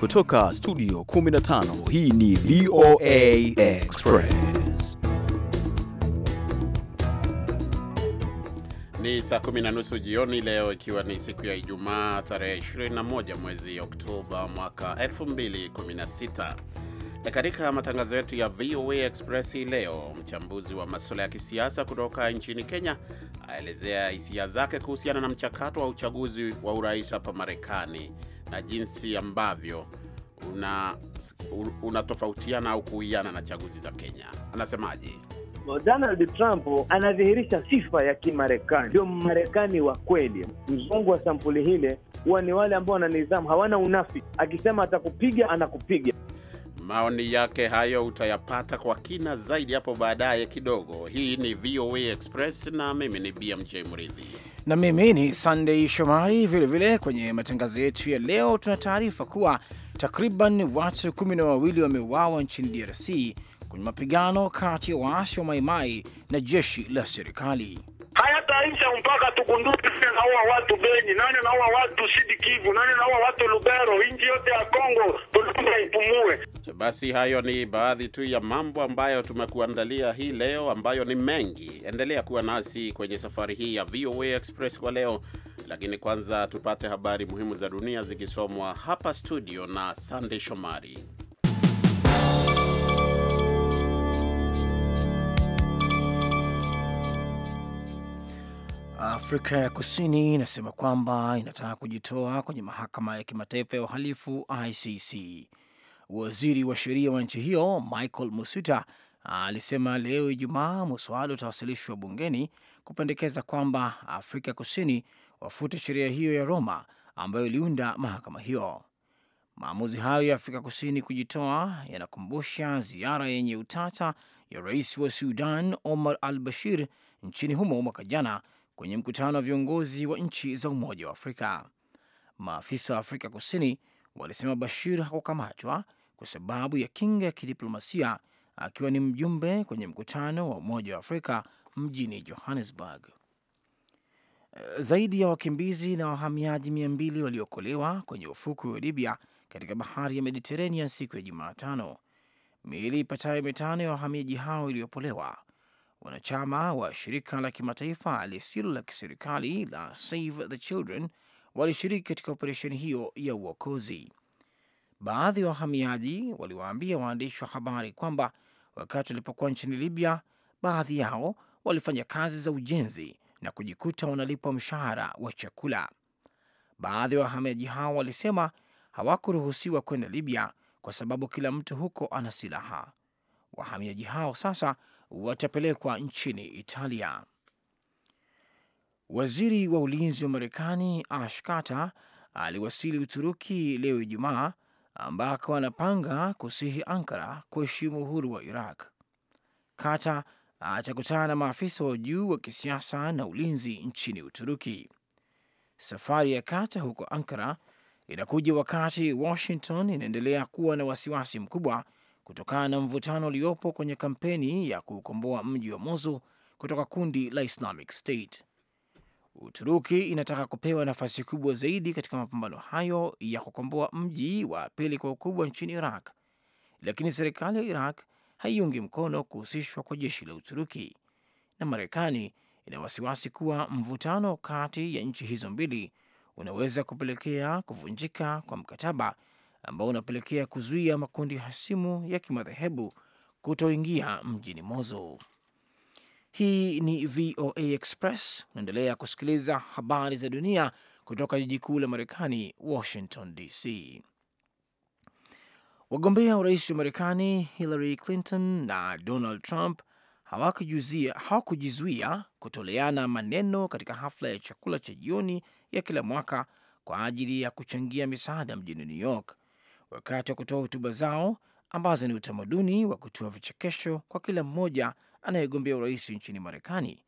Kutoka studio 15 hii ni VOA Express. Ni saa kumi na nusu jioni leo, ikiwa ni siku ya Ijumaa tarehe 21 mwezi Oktoba mwaka 2016. Na katika matangazo yetu ya VOA Express hii leo, mchambuzi wa masuala ya kisiasa kutoka nchini Kenya aelezea hisia zake kuhusiana na mchakato wa uchaguzi wa urais hapa Marekani na jinsi ambavyo unatofautiana una au kuiana na chaguzi za Kenya. Anasemaje? Donald Trump anadhihirisha sifa ya Kimarekani, ndio Marekani wa kweli. Mzungu wa sampuli hile huwa ni wale ambao wana nidhamu, hawana unafiki. Akisema atakupiga anakupiga. Maoni yake hayo utayapata kwa kina zaidi hapo baadaye kidogo. Hii ni VOA Express na mimi ni BMJ Mridhi na mimi ni Sunday Shomari. Vilevile kwenye matangazo yetu ya leo, tuna taarifa kuwa takriban watu kumi na wawili wameuawa nchini DRC kwenye mapigano kati ya waasi wa Maimai na jeshi la serikali ya mpaka tugundue nani naua watu Beni, nani naua watu Sidi Kivu, nani naua watu Lubero, nchi yote ya Kongo tuluka ipumue. Basi hayo ni baadhi tu ya mambo ambayo tumekuandalia hii leo, ambayo ni mengi. Endelea kuwa nasi kwenye safari hii ya VOA Express kwa leo, lakini kwanza tupate habari muhimu za dunia zikisomwa hapa studio na sandey Shomari. Afrika ya Kusini inasema kwamba inataka kujitoa kwenye mahakama ya kimataifa ya uhalifu ICC. Waziri wa sheria wa nchi hiyo Michael Musuta alisema leo Ijumaa muswada utawasilishwa bungeni kupendekeza kwamba Afrika Kusini wafute sheria hiyo ya Roma ambayo iliunda mahakama hiyo. Maamuzi hayo ya Afrika Kusini kujitoa yanakumbusha ziara yenye utata ya rais wa Sudan Omar al Bashir nchini humo mwaka jana kwenye mkutano wa viongozi wa nchi za Umoja wa Afrika. Maafisa wa Afrika Kusini walisema Bashir hakukamatwa kwa sababu ya kinga ya kidiplomasia akiwa ni mjumbe kwenye mkutano wa Umoja wa Afrika mjini Johannesburg. Zaidi ya wakimbizi na wahamiaji mia mbili waliokolewa kwenye ufukwe wa Libya katika bahari ya Mediterranean siku ya Jumatano. Miili ipatayo mitano ya wahamiaji hao iliyopolewa Wanachama wa shirika la kimataifa lisilo la kiserikali la Save the Children walishiriki katika operesheni hiyo ya uokozi. Baadhi ya wahamiaji waliwaambia waandishi wa habari kwamba wakati walipokuwa nchini Libya, baadhi yao walifanya kazi za ujenzi na kujikuta wanalipwa mshahara wa chakula. Baadhi ya wahamiaji hao walisema hawakuruhusiwa kwenda Libya kwa sababu kila mtu huko ana silaha. Wahamiaji hao sasa watapelekwa nchini Italia. Waziri wa ulinzi wa Marekani Ash Carter aliwasili Uturuki leo Ijumaa, ambako anapanga kusihi Ankara kuheshimu uhuru wa Iraq. Carter atakutana na maafisa wa juu wa kisiasa na ulinzi nchini Uturuki. Safari ya Carter huko Ankara inakuja wakati Washington inaendelea kuwa na wasiwasi mkubwa kutokana na mvutano uliopo kwenye kampeni ya kuukomboa mji wa Mosul kutoka kundi la Islamic State. Uturuki inataka kupewa nafasi kubwa zaidi katika mapambano hayo ya kukomboa mji wa pili kwa ukubwa nchini Iraq, lakini serikali ya Iraq haiungi mkono kuhusishwa kwa jeshi la Uturuki, na Marekani ina wasiwasi kuwa mvutano kati ya nchi hizo mbili unaweza kupelekea kuvunjika kwa mkataba ambao unapelekea kuzuia makundi hasimu ya kimadhehebu kutoingia mjini Mosul. Hii ni VOA Express. Unaendelea kusikiliza habari za dunia kutoka jiji kuu la Marekani, Washington DC. Wagombea urais wa Marekani Hillary Clinton na Donald Trump hawakujizuia kutoleana maneno katika hafla ya chakula cha jioni ya kila mwaka kwa ajili ya kuchangia misaada mjini New York, wakati wa kutoa hotuba zao ambazo ni utamaduni wa kutoa vichekesho kwa kila mmoja anayegombea urais nchini Marekani,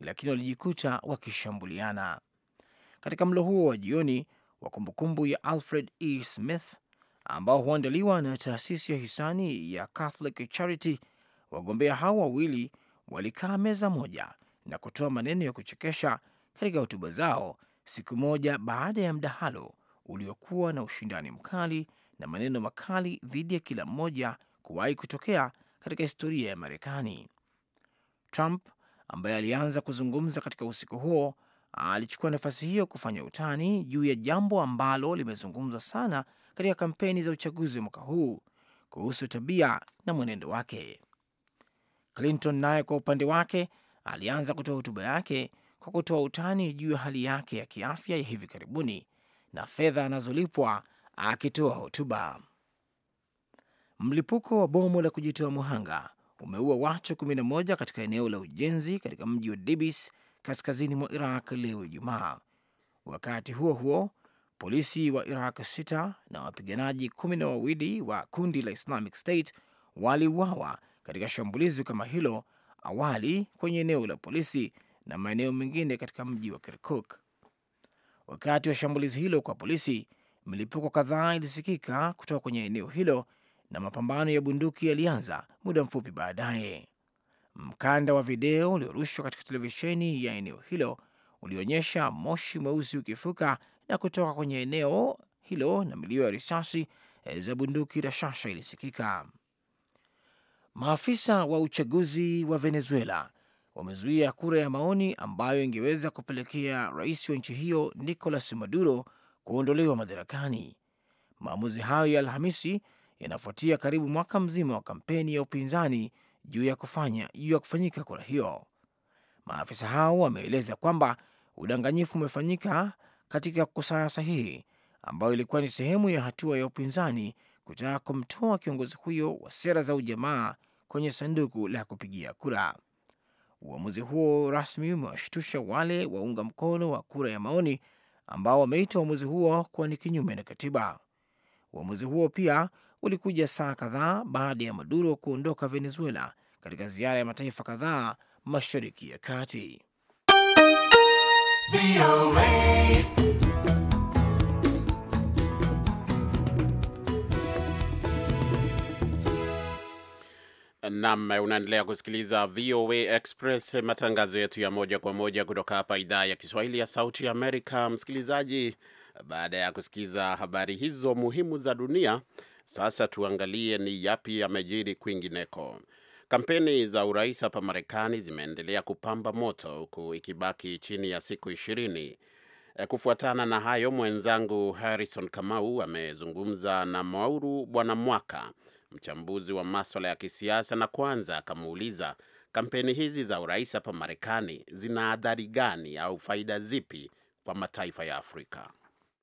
lakini walijikuta wakishambuliana katika mlo huo wa jioni wa kumbukumbu ya Alfred E. Smith ambao huandaliwa na taasisi ya hisani ya Catholic Charity. Wagombea hao wawili walikaa meza moja na kutoa maneno ya kuchekesha katika hotuba zao siku moja baada ya mdahalo uliokuwa na ushindani mkali na maneno makali dhidi ya kila mmoja kuwahi kutokea katika historia ya Marekani. Trump ambaye alianza kuzungumza katika usiku huo alichukua nafasi hiyo kufanya utani juu ya jambo ambalo limezungumzwa sana katika kampeni za uchaguzi wa mwaka huu kuhusu tabia na mwenendo wake. Clinton naye kwa upande wake alianza kutoa hotuba yake kwa kutoa utani juu ya hali yake ya kiafya ya hivi karibuni na fedha anazolipwa akitoa hotuba. Mlipuko wa bomu la kujitoa muhanga umeua watu 11 katika eneo la ujenzi katika mji wa Dibis kaskazini mwa Iraq leo Ijumaa. Wakati huo huo, polisi wa Iraq sita na wapiganaji kumi na wawili wa kundi la Islamic State waliuawa katika shambulizi kama hilo awali kwenye eneo la polisi na maeneo mengine katika mji wa Kirkuk. Wakati wa shambulizi hilo kwa polisi Milipuko kadhaa ilisikika kutoka kwenye eneo hilo na mapambano ya bunduki yalianza muda mfupi baadaye. Mkanda wa video uliorushwa katika televisheni ya eneo hilo ulionyesha moshi mweusi ukifuka na kutoka kwenye eneo hilo na milio ya risasi eh, za bunduki rashasha ilisikika. Maafisa wa uchaguzi wa Venezuela wamezuia kura ya maoni ambayo ingeweza kupelekea rais wa nchi hiyo Nicolas Maduro kuondolewa madarakani. Maamuzi hayo ya Alhamisi yanafuatia karibu mwaka mzima wa kampeni ya upinzani juu ya kufanya juu ya kufanyika kura hiyo. Maafisa hao wameeleza kwamba udanganyifu umefanyika katika kukusanya sahihi, ambayo ilikuwa ni sehemu ya hatua ya upinzani kutaka kumtoa kiongozi huyo wa sera za ujamaa kwenye sanduku la kupigia kura. Uamuzi huo rasmi umewashtusha wale waunga mkono wa kura ya maoni ambao wameita uamuzi huo kuwa ni kinyume na katiba. Uamuzi huo pia ulikuja saa kadhaa baada ya Maduro kuondoka Venezuela katika ziara ya mataifa kadhaa mashariki ya kati. nam unaendelea kusikiliza VOA Express, matangazo yetu ya moja kwa moja kutoka hapa idhaa ya Kiswahili ya Sauti Amerika. Msikilizaji, baada ya kusikiza habari hizo muhimu za dunia, sasa tuangalie ni yapi yamejiri kwingineko. Kampeni za urais hapa Marekani zimeendelea kupamba moto huku ikibaki chini ya siku ishirini. Eh, kufuatana na hayo, mwenzangu Harrison Kamau amezungumza na Mwauru Bwana Mwaka mchambuzi wa maswala ya kisiasa, na kwanza akamuuliza kampeni hizi za urais hapa Marekani zina athari gani au faida zipi kwa mataifa ya Afrika?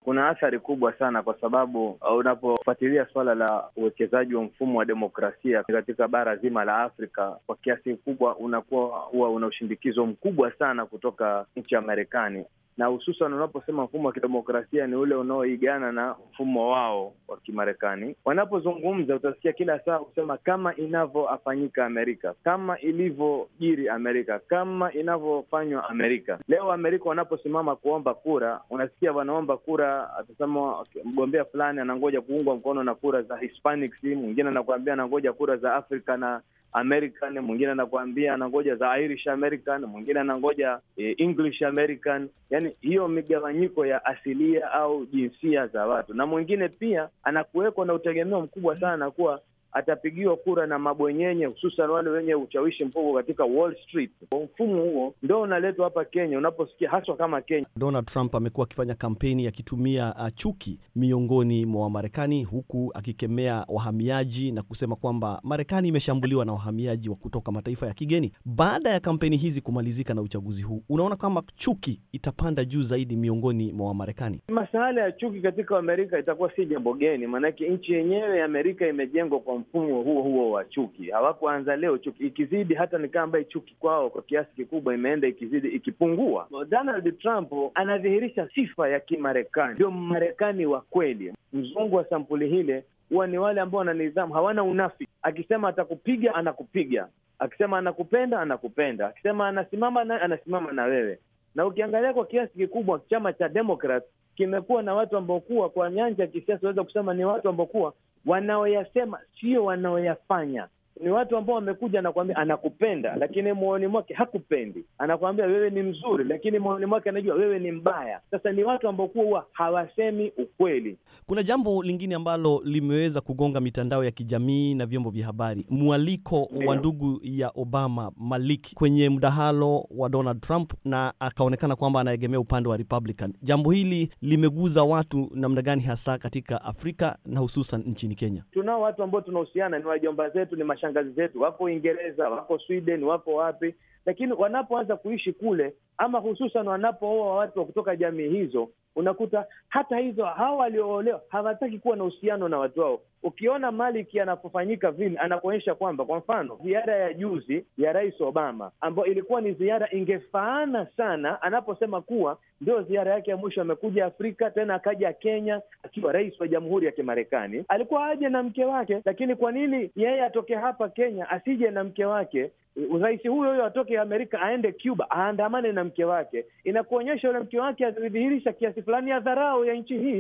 Kuna athari kubwa sana kwa sababu uh, unapofuatilia suala la uwekezaji wa mfumo wa demokrasia katika bara zima la Afrika kwa kiasi kikubwa unakuwa huwa una ushindikizo mkubwa sana kutoka nchi ya Marekani na hususan unaposema mfumo wa kidemokrasia ni ule unaoigana na mfumo wao wa Kimarekani. Wanapozungumza utasikia kila saa kusema kama inavyofanyika Amerika, kama ilivyojiri Amerika, kama inavyofanywa Amerika. Leo Amerika wanaposimama kuomba kura, unasikia wanaomba kura, atasema mgombea fulani anangoja kuungwa mkono na kura za Hispanics, mwingine anakuambia anangoja kura za Afrika na American, mwingine anakuambia anangoja za Irish American, mwingine anangoja e, English American. Yani hiyo migawanyiko ya asilia au jinsia za watu, na mwingine pia anakuwekwa na utegemeo mkubwa sana kuwa atapigiwa kura na mabwenyenye, hususan wale wenye ushawishi mkubwa katika Wall Street. Kwa mfumo huo ndo unaletwa hapa Kenya, unaposikia haswa kama Kenya. Donald Trump amekuwa akifanya kampeni akitumia uh, chuki miongoni mwa Wamarekani, huku akikemea wahamiaji na kusema kwamba Marekani imeshambuliwa na wahamiaji wa kutoka mataifa ya kigeni. Baada ya kampeni hizi kumalizika na uchaguzi huu, unaona kama chuki itapanda juu zaidi miongoni mwa Wamarekani. Masuala ya chuki katika Amerika itakuwa si jambo geni, maanake nchi yenyewe ya Amerika imejengwa kwa mfumo huo huo wa chuki. Hawakuanza leo chuki, ikizidi hata ni kama ambaye chuki kwao kwa kiasi kikubwa imeenda ikizidi ikipungua. Donald Trump anadhihirisha sifa ya Kimarekani, ndio Mmarekani wa kweli. Mzungu wa sampuli hile huwa ni wale ambao wana nidhamu, hawana unafiki. Akisema atakupiga anakupiga, akisema anakupenda anakupenda, akisema anasimama na anasimama na wewe. Na ukiangalia kwa kiasi kikubwa chama cha Democrat kimekuwa na watu ambao kuwa kwa nyanja ya kisiasa, unaweza kusema ni watu ambao kuwa wanaoyasema sio wanaoyafanya ni watu ambao wamekuja, anakuambia anakupenda, lakini moyoni mwake hakupendi. Anakuambia wewe ni mzuri, lakini moyoni mwake anajua wewe ni mbaya. Sasa ni watu ambao kuwa huwa hawasemi ukweli. Kuna jambo lingine ambalo limeweza kugonga mitandao ya kijamii na vyombo vya habari, mwaliko wa ndugu ya Obama Malik kwenye mdahalo wa Donald Trump, na akaonekana kwamba anaegemea upande wa Republican. Jambo hili limeguza watu namna gani, hasa katika Afrika na hususan nchini Kenya? Tunao watu ambao tunahusiana, ni wajomba zetu, ni mashan washangazi zetu wako Uingereza, wako Sweden, wako wapi, lakini wanapoanza kuishi kule ama hususan wanapooa watu wa kutoka jamii hizo, unakuta hata hizo hawa walioolewa hawataki kuwa na uhusiano na watu wao. Ukiona Maliki anapofanyika vile, anakuonyesha kwamba, kwa mfano, ziara ya juzi ya Rais Obama ambayo ilikuwa ni ziara ingefaana sana, anaposema kuwa ndio ziara yake ya mwisho, amekuja Afrika tena akaja Kenya akiwa rais wa Jamhuri ya Kimarekani. Alikuwa aje na mke wake, lakini kwa nini yeye atoke hapa Kenya asije na mke wake rais huyo huyo atoke Amerika aende Cuba aandamane na mke wake, inakuonyesha yule mke wake alidhihirisha kiasi fulani ya dharau ya nchi hii.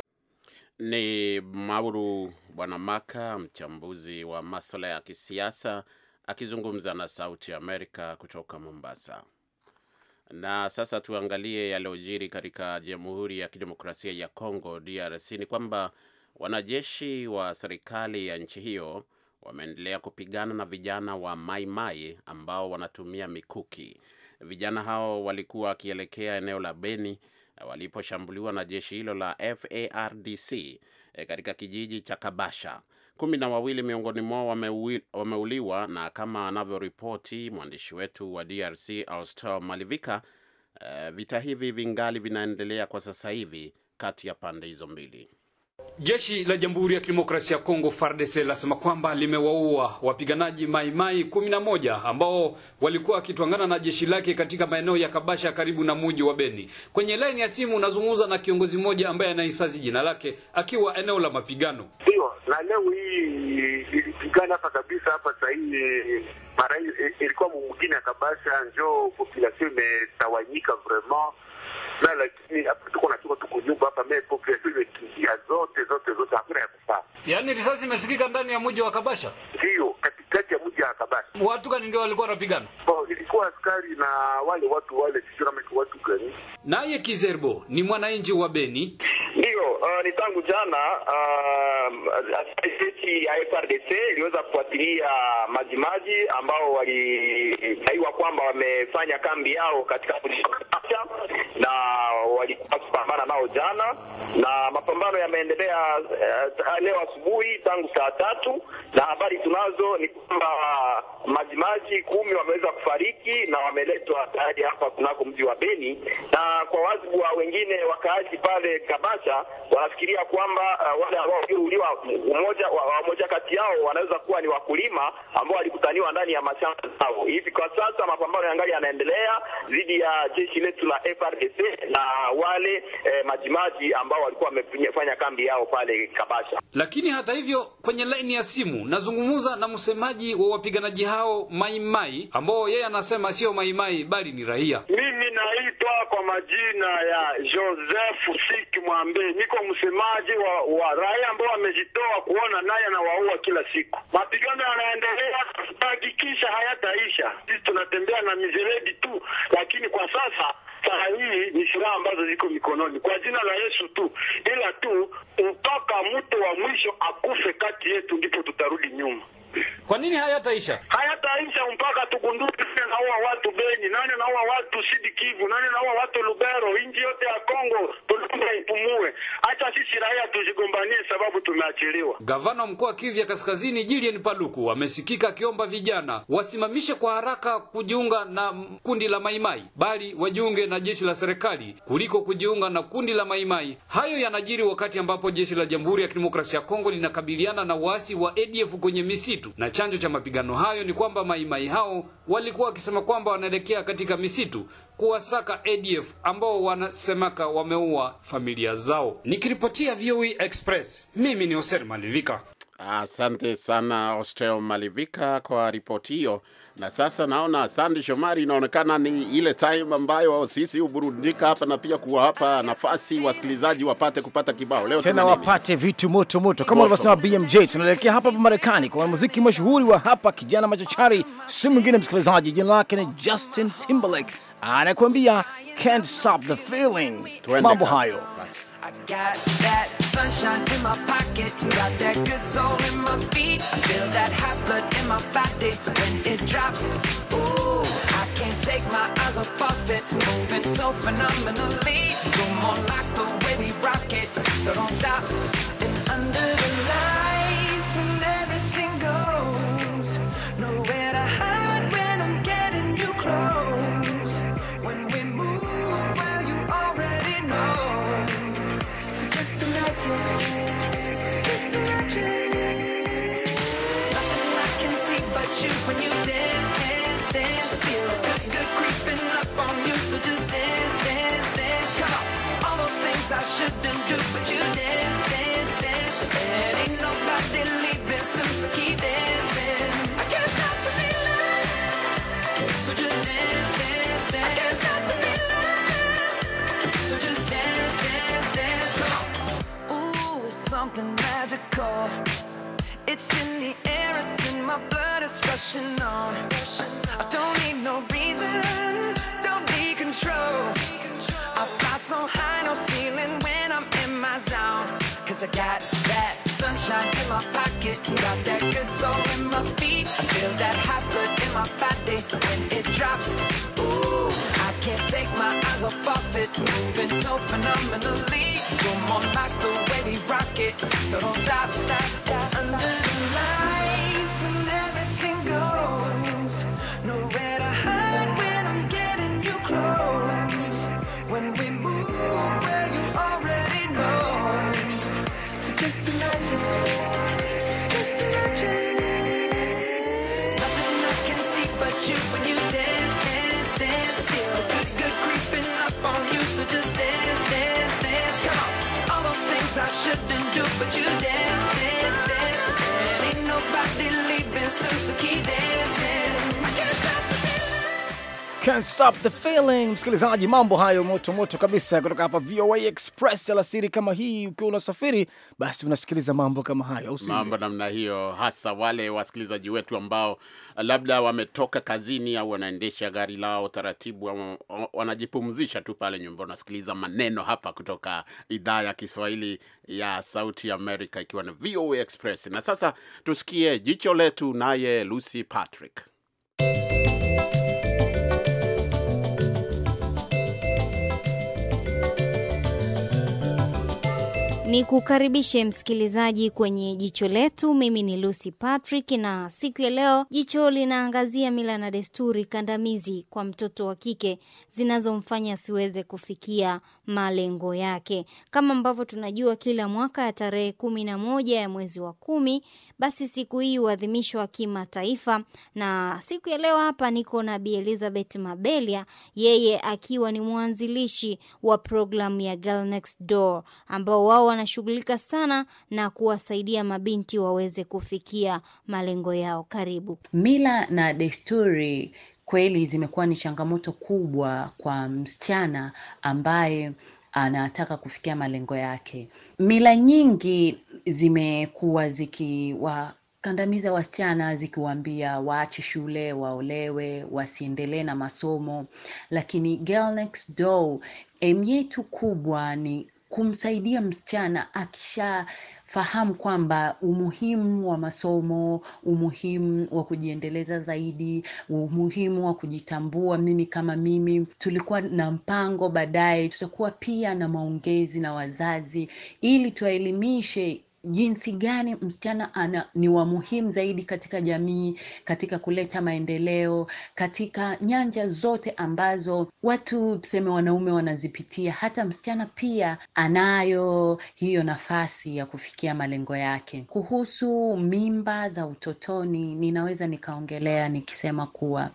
Ni Mauru Bwana Maka, mchambuzi wa maswala ya kisiasa akizungumza na Sauti Amerika kutoka Mombasa. Na sasa tuangalie yaliyojiri katika Jamhuri ya Kidemokrasia ya congo DRC. Ni kwamba wanajeshi wa serikali ya nchi hiyo wameendelea kupigana na vijana wa Maimai mai ambao wanatumia mikuki. Vijana hao walikuwa wakielekea eneo la Beni eh, waliposhambuliwa na jeshi hilo la FARDC eh, katika kijiji cha Kabasha. Kumi na wawili miongoni mwao wameuliwa, na kama anavyoripoti mwandishi wetu wa DRC Austel Malivika, eh, vita hivi vingali vinaendelea kwa sasa hivi kati ya pande hizo mbili. Jeshi la Jamhuri ya Kidemokrasia ya Kongo FARDC lasema kwamba limewaua wapiganaji maimai kumi na moja ambao walikuwa wakitwangana na jeshi lake katika maeneo ya Kabasha karibu na muji wa Beni. Kwenye laini ya simu unazungumza na kiongozi mmoja ambaye anahifadhi jina lake akiwa eneo la mapigano. Ndio, na leo hii ilipigana hapa kabisa hapa saa hii eh, mara eh, ilikuwa mwingine ya Kabasha, njoo population imetawanyika vraiment na lakini tuko na tuko tuko nyumba hapa imekimbia zote zote zote, hakuna ya kufaa. Yaani risasi imesikika ndani ya mji wa Kabasha, ndio katikati ya mji wa Kabasha, watu gani ndio walikuwa wanapigana ilikuwa askari na wale watu wale, sio kama ni watu gani. Naye Kizerbo ni mwananchi wa Beni, ndio uh, ni tangu jana uh, askari jeshi ya FRDC iliweza kufuatilia majimaji ambao walidaiwa kwamba wamefanya kambi yao katika afya na walikuwa kupambana nao jana, na mapambano yameendelea uh, leo asubuhi tangu saa tatu, na habari tunazo ni kwamba majimaji uh, kumi wameweza kufariki hiki na wameletwa tayari hapa kunako mji wa Beni, na kwa wajibu wa wengine wakaaji pale Kabasha wanafikiria kwamba uh, wale ambao waliuliwa mmoja mmoja kati yao wanaweza kuwa ni wakulima ambao walikutaniwa ndani ya mashamba zao. Hivi kwa sasa mapambano yangali yanaendelea dhidi ya jeshi letu la FRDC na wale eh, majimaji ambao walikuwa wamefanya kambi yao pale Kabasha. Lakini hata hivyo, kwenye laini ya simu nazungumza na msemaji wa wapiganaji hao Maimai ambao yeye ana anasema sio maimai bali ni raia. Mimi naitwa kwa majina ya Joseph Siki Mwambe, niko msemaji wa, wa raia ambao wamejitoa kuona naye anawaua kila siku. Mapigano yanaendelea, tutahakikisha hayataisha. Sisi tunatembea na mizeredi tu, lakini kwa sasa saa hii ni silaha ambazo ziko mikononi kwa jina la Yesu tu, ila tu mpaka mtu wa mwisho akufe kati yetu, ndipo tutarudi nyuma. Kwa nini hayataisha? Hayataisha mpaka tugundue nani naua watu Beni, nani naua watu Sidi Kivu, nani naua watu Lubero, inji yote ya Kongo tulunga ipumue. Acha sisi raia tujigombanie sababu tumeachiliwa. Gavana mkuu wa Kivu ya Kaskazini Julien Paluku amesikika akiomba vijana wasimamishe kwa haraka kujiunga na kundi la Maimai, bali wajiunge na jeshi la serikali kuliko kujiunga na kundi la Maimai. Hayo yanajiri wakati ambapo jeshi la Jamhuri ya Kidemokrasia ya Kongo linakabiliana na waasi wa ADF kwenye misitu misitu. Na chanzo cha mapigano hayo ni kwamba maimai hao walikuwa wakisema kwamba wanaelekea katika misitu kuwasaka ADF ambao wanasemaka wameua familia zao. Nikiripotia VOA e Express, mimi ni hoser Malivika. Asante sana Hosea Malivika kwa ripoti hiyo. Na sasa naona Sandi Shomari, inaonekana ni ile time ambayo sisi huburudika hapa na pia kuwapa nafasi wasikilizaji wapate kupata kibao leo tena, wapate vitu moto moto kama walivyosema BMJ. Tunaelekea hapa hapa Marekani kwa muziki mashuhuri wa hapa, kijana machachari, si mwingine msikilizaji, jina lake ni Justin Timberlake anakuambia Can't Stop the Feeling. Mambo hayo. it. Got that good soul in my feet. feel that hot blood in my body when it drops. Ooh, I can't take my eyes off of it. Moving so phenomenally. Come on, like the way we rock it. So don't stop. magical. It's in the air, it's in my blood, it's rushing on. I don't need no reason, don't be control. I fly so high, no ceiling when I'm in my zone. Cause I got that sunshine in my pocket, got that good soul in my feet. I feel that hot blood in my body when it drops. Ooh. Can't take my eyes off of it. Moving so phenomenally. You're more like the way we rock it. So don't stop. stop, stop. Under the lights when everything goes. Nowhere to hide when I'm getting you close. When we move where you already know. So just imagine. Just imagine. Nothing I can see but you when you dance. shouldn't do, but you dance, dance, dance. And ain't nobody leaving, so, so keep dancing. Can't stop the feeling, msikilizaji, mambo hayo moto moto kabisa kutoka hapa VOA Express alasiri kama hii. Ukiwa unasafiri basi unasikiliza mambo kama hayo, mambo namna hiyo, hasa wale wasikilizaji wetu ambao uh, labda wametoka kazini au wanaendesha gari lao taratibu, ama uh, wanajipumzisha tu pale nyumbani, unasikiliza maneno hapa kutoka idhaa ya Kiswahili ya Sauti Amerika, ikiwa na VOA Express. Na sasa tusikie jicho letu, naye Lucy Patrick Ni kukaribishe msikilizaji kwenye jicho letu. Mimi ni Lucy Patrick, na siku ya leo jicho linaangazia mila na desturi kandamizi kwa mtoto wa kike zinazomfanya asiweze kufikia malengo yake. Kama ambavyo tunajua, kila mwaka ya tarehe kumi na moja ya mwezi wa kumi, basi siku hii huadhimishwa kimataifa, na siku ya leo hapa niko na Bi Elizabeth Mabelia, yeye akiwa ni mwanzilishi wa programu ya Girl Next Door ambao wao wanashughulika sana na kuwasaidia mabinti waweze kufikia malengo yao. Karibu. Mila na desturi kweli zimekuwa ni changamoto kubwa kwa msichana ambaye anataka kufikia malengo yake. Mila nyingi zimekuwa zikiwa kandamiza wasichana zikiwaambia waache shule, waolewe, wasiendelee na masomo. Lakini Girl Next Door yetu kubwa ni kumsaidia msichana akishafahamu kwamba umuhimu wa masomo umuhimu wa kujiendeleza zaidi umuhimu wa kujitambua mimi kama mimi tulikuwa na mpango baadaye tutakuwa pia na maongezi na wazazi ili tuwaelimishe jinsi gani msichana ana, ni wa muhimu zaidi katika jamii, katika kuleta maendeleo, katika nyanja zote ambazo watu tuseme wanaume wanazipitia, hata msichana pia anayo hiyo nafasi ya kufikia malengo yake. Kuhusu mimba za utotoni, ninaweza nikaongelea nikisema kuwa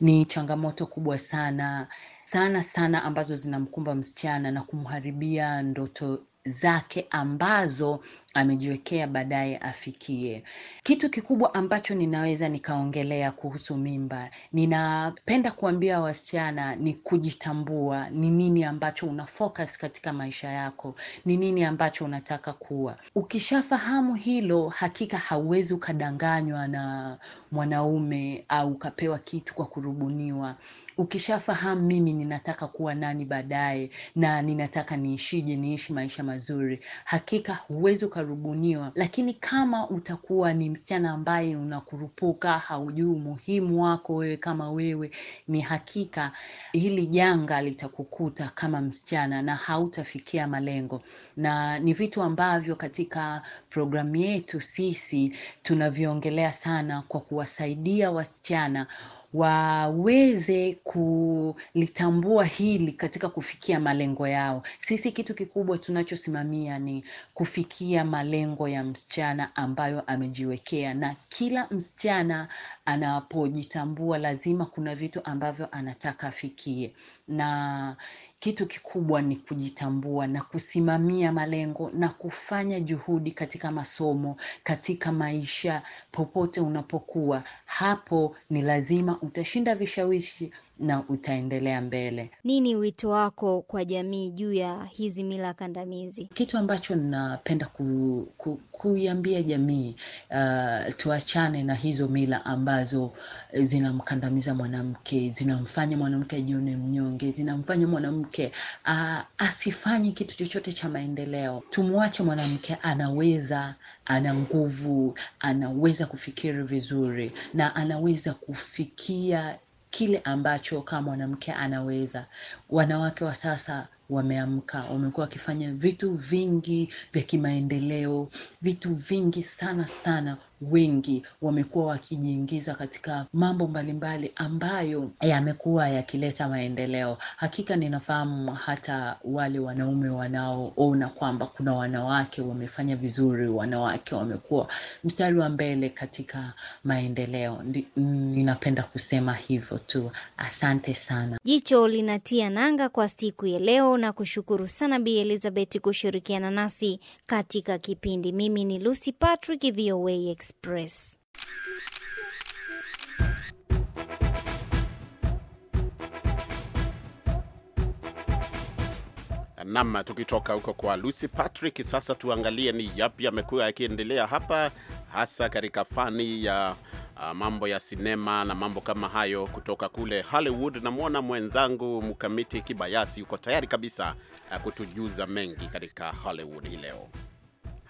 ni changamoto kubwa sana sana sana ambazo zinamkumba msichana na kumharibia ndoto zake ambazo amejiwekea baadaye afikie. Kitu kikubwa ambacho ninaweza nikaongelea kuhusu mimba, ninapenda kuambia wasichana ni kujitambua, ni nini ambacho una focus katika maisha yako, ni nini ambacho unataka kuwa. Ukishafahamu hilo, hakika hauwezi ukadanganywa na mwanaume au ukapewa kitu kwa kurubuniwa. Ukishafahamu mimi ninataka kuwa nani baadaye na ninataka niishije, niishi maisha mazuri, hakika huwezi uka utarubuniwa. Lakini kama utakuwa ni msichana ambaye unakurupuka, haujui umuhimu wako wewe kama wewe, ni hakika hili janga litakukuta kama msichana na hautafikia malengo, na ni vitu ambavyo katika programu yetu sisi tunaviongelea sana kwa kuwasaidia wasichana waweze kulitambua hili katika kufikia malengo yao. Sisi kitu kikubwa tunachosimamia ni kufikia malengo ya msichana ambayo amejiwekea, na kila msichana anapojitambua, lazima kuna vitu ambavyo anataka afikie na kitu kikubwa ni kujitambua na kusimamia malengo na kufanya juhudi katika masomo, katika maisha, popote unapokuwa. Hapo ni lazima utashinda vishawishi na utaendelea mbele. Nini wito wako kwa jamii juu ya hizi mila kandamizi? Kitu ambacho ninapenda ku, ku, kuiambia jamii uh, tuachane na hizo mila ambazo zinamkandamiza mwanamke, zinamfanya mwanamke ajione mnyonge, zinamfanya mwanamke uh, asifanye kitu chochote cha maendeleo. Tumwache mwanamke, anaweza, ana nguvu, anaweza kufikiri vizuri na anaweza kufikia kile ambacho kama mwanamke anaweza. Wanawake wa sasa wameamka, wamekuwa wakifanya vitu vingi vya kimaendeleo, vitu vingi sana sana wengi wamekuwa wakijiingiza katika mambo mbalimbali ambayo yamekuwa yakileta maendeleo. Hakika ninafahamu hata wale wanaume wanaoona kwamba kuna wanawake wamefanya vizuri, wanawake wamekuwa mstari wa mbele katika maendeleo. Ninapenda kusema hivyo tu, asante sana. Jicho linatia nanga kwa siku ya leo na kushukuru sana Bi Elizabeth kushirikiana nasi katika kipindi. Mimi ni Lucy Patrick, VOA Express. Nam, tukitoka huko kwa Lucy Patrick, sasa tuangalie ni yapi amekuwa yakiendelea hapa hasa katika fani ya uh, mambo ya sinema na mambo kama hayo kutoka kule Hollywood. Namwona mwenzangu mkamiti Kibayasi yuko tayari kabisa uh, kutujuza mengi katika Hollywood hii leo.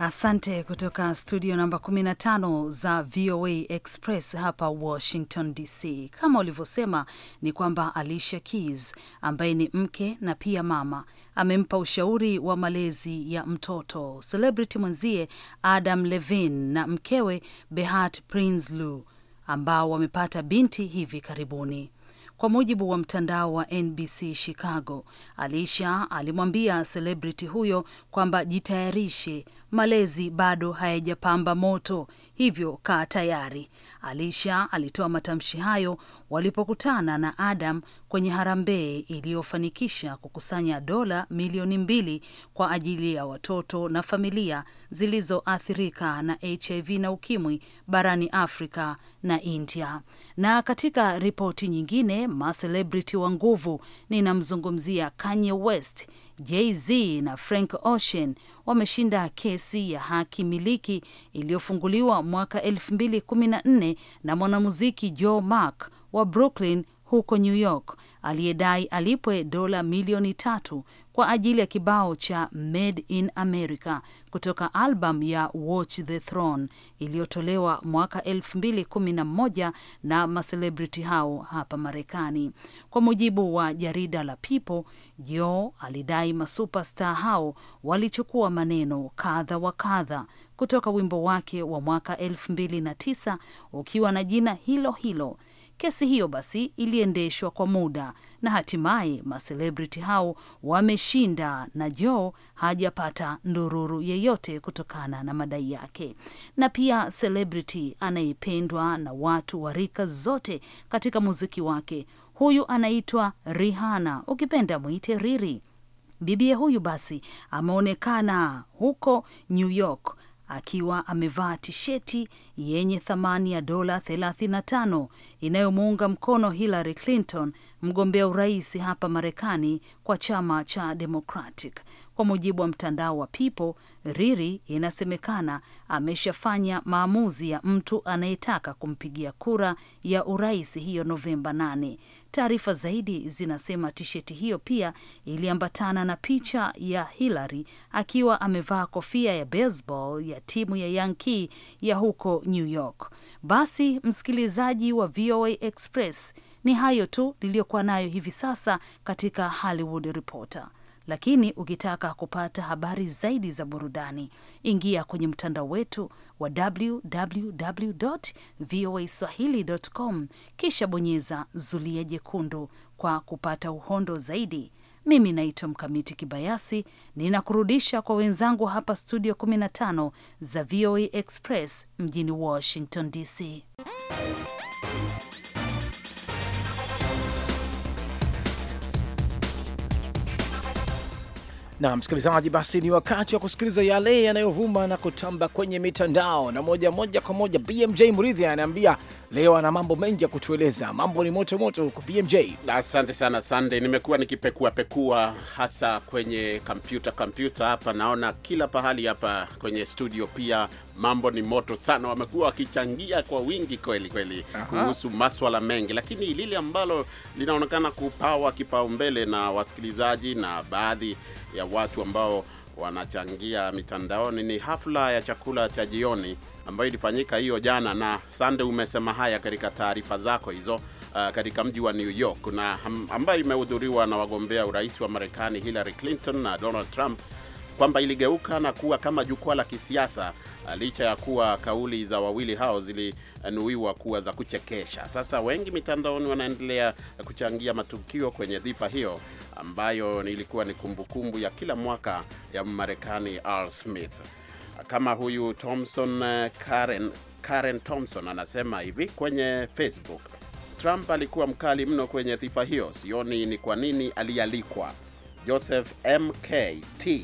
Asante kutoka studio namba 15 za VOA Express hapa Washington DC. Kama ulivyosema, ni kwamba Alicia Keys ambaye ni mke na pia mama amempa ushauri wa malezi ya mtoto celebrity mwenzie Adam Levine na mkewe Behat Lu ambao wamepata binti hivi karibuni. Kwa mujibu wa mtandao wa NBC Chicago, Alicia alimwambia celebrity huyo kwamba jitayarishe malezi bado hayajapamba moto, hivyo kaa tayari. Alisha alitoa matamshi hayo walipokutana na Adam kwenye harambee iliyofanikisha kukusanya dola milioni mbili kwa ajili ya watoto na familia zilizoathirika na HIV na ukimwi barani Afrika na India. Na katika ripoti nyingine, macelebrity wa nguvu, ninamzungumzia Kanye West. Jay-Z na Frank Ocean wameshinda kesi ya haki miliki iliyofunguliwa mwaka 2014 na mwanamuziki Joe Mark wa Brooklyn huko New York aliyedai alipwe dola milioni tatu kwa ajili ya kibao cha Made in America kutoka album ya Watch the Throne iliyotolewa mwaka 2011 na maselebriti hao hapa Marekani. Kwa mujibu wa jarida la People, Joe alidai masuperstar hao walichukua maneno kadha wa kadha kutoka wimbo wake wa mwaka 2009 ukiwa na jina hilo hilo Kesi hiyo basi iliendeshwa kwa muda na hatimaye maselebrity hao wameshinda, na Joe hajapata ndururu yeyote kutokana na madai yake. Na pia celebrity anayependwa na watu wa rika zote katika muziki wake, huyu anaitwa Rihanna, ukipenda mwite Riri. Bibie huyu basi ameonekana huko New York akiwa amevaa tisheti yenye thamani ya dola 35 inayomuunga mkono Hillary Clinton, mgombea urais hapa Marekani kwa chama cha Democratic. Kwa mujibu wa mtandao wa People, Riri inasemekana ameshafanya maamuzi ya mtu anayetaka kumpigia kura ya urais hiyo Novemba 8. Taarifa zaidi zinasema tisheti hiyo pia iliambatana na picha ya Hillary akiwa amevaa kofia ya baseball ya timu ya Yankee ya huko New York. Basi msikilizaji wa VOA Express, ni hayo tu niliyokuwa nayo hivi sasa katika Hollywood Reporter. Lakini ukitaka kupata habari zaidi za burudani, ingia kwenye mtandao wetu wa www voa swahili.com, kisha bonyeza zulia jekundu kwa kupata uhondo zaidi. Mimi naitwa Mkamiti Kibayasi, ninakurudisha kwa wenzangu hapa studio 15 za VOA Express mjini Washington DC. na msikilizaji, basi ni wakati wa kusikiliza yale yanayovuma na kutamba kwenye mitandao, na moja moja kwa moja BMJ Murithi anaambia leo ana mambo mengi ya kutueleza. Mambo ni moto moto huko BMJ. Asante sana Sande, nimekuwa nikipekua pekua hasa kwenye kompyuta kompyuta hapa, naona kila pahali hapa kwenye studio pia mambo ni moto sana, wamekuwa wakichangia kwa wingi kweli kweli kuhusu maswala mengi, lakini lile ambalo linaonekana kupawa kipaumbele na wasikilizaji na baadhi ya watu ambao wanachangia mitandaoni ni hafla ya chakula cha jioni ambayo ilifanyika hiyo jana, na Sande umesema haya katika taarifa zako hizo, uh, katika mji wa New York na ambayo imehudhuriwa na wagombea urais wa Marekani Hillary Clinton na Donald Trump kwamba iligeuka na kuwa kama jukwaa la kisiasa, ah, licha ya kuwa kauli za wawili hao zilinuiwa kuwa za kuchekesha. Sasa wengi mitandaoni wanaendelea kuchangia matukio kwenye dhifa hiyo ambayo ilikuwa ni kumbukumbu ya kila mwaka ya Marekani R. Smith. Kama huyu Thompson eh, Karen, Karen Thompson anasema hivi kwenye Facebook, Trump alikuwa mkali mno kwenye dhifa hiyo, sioni ni kwa nini alialikwa. Joseph MKT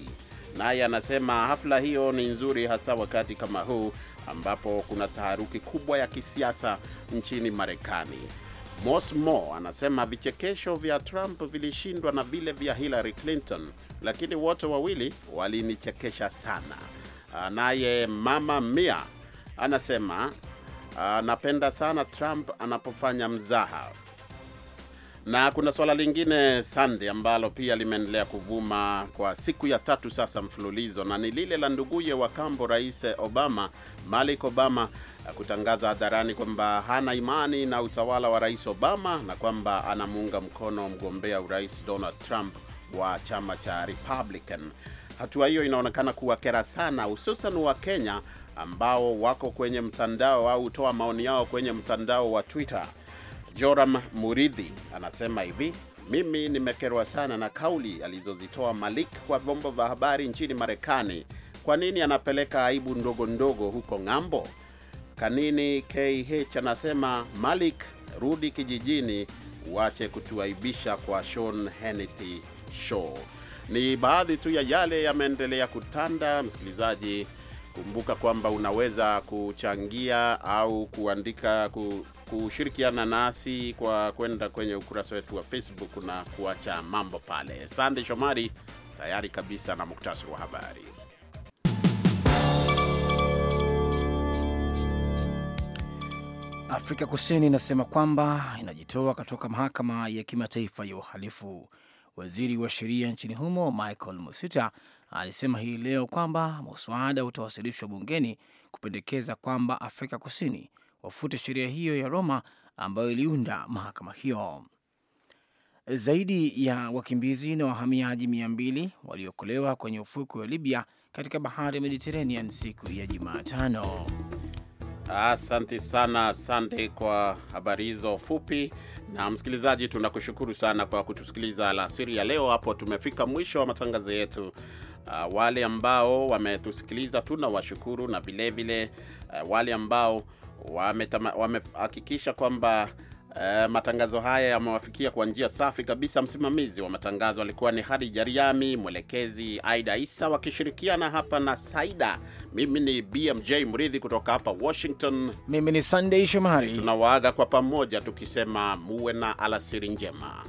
naye anasema hafla hiyo ni nzuri, hasa wakati kama huu ambapo kuna taharuki kubwa ya kisiasa nchini Marekani. Mosmo anasema vichekesho vya Trump vilishindwa na vile vya Hillary Clinton, lakini wote wawili walinichekesha sana. Ah, naye mama Mia anasema anapenda ah, sana Trump anapofanya mzaha na kuna swala lingine Sunday ambalo pia limeendelea kuvuma kwa siku ya tatu sasa mfululizo, na ni lile la nduguye wa kambo Rais Obama, Malik Obama kutangaza hadharani kwamba hana imani na utawala wa Rais Obama na kwamba anamuunga mkono mgombea urais Donald Trump wa chama cha Republican. Hatua hiyo inaonekana kuwakera sana, hususan wa Kenya ambao wako kwenye mtandao au hutoa maoni yao kwenye mtandao wa Twitter. Joram Muridhi anasema hivi: mimi nimekerwa sana na kauli alizozitoa Malik kwa vyombo vya habari nchini Marekani. Kwa nini anapeleka aibu ndogo ndogo huko ng'ambo? Kanini KH anasema Malik, rudi kijijini, uache kutuaibisha kwa Sean Hannity Show. Ni baadhi tu ya yale yameendelea kutanda. Msikilizaji, kumbuka kwamba unaweza kuchangia au kuandika ku, kushirikiana nasi kwa kwenda kwenye ukurasa wetu wa Facebook na kuacha mambo pale. Sande Shomari tayari kabisa na muktasari wa habari. Afrika Kusini inasema kwamba inajitoa kutoka mahakama ya kimataifa ya uhalifu. Waziri wa sheria nchini humo Michael Musita alisema hii leo kwamba muswada utawasilishwa bungeni kupendekeza kwamba Afrika Kusini wafute sheria hiyo ya Roma ambayo iliunda mahakama hiyo. Zaidi ya wakimbizi na wahamiaji mia mbili waliokolewa kwenye ufukwe wa Libya katika bahari ya Mediterranean siku ya Jumatano. Asante sana Sande kwa habari hizo fupi. Na msikilizaji, tunakushukuru sana kwa kutusikiliza alasiri ya leo. Hapo tumefika mwisho wa matangazo yetu. Uh, wale ambao wametusikiliza tunawashukuru, na vilevile uh, ah, wale ambao wamehakikisha kwamba uh, matangazo haya yamewafikia kwa njia safi kabisa. Msimamizi wa matangazo alikuwa ni Hadija Jariami, mwelekezi Aida Isa, wakishirikiana hapa na Saida. Mimi ni BMJ Mridhi kutoka hapa Washington. Mimi ni Sunday Shomari. Tunawaaga kwa pamoja tukisema muwe na alasiri njema.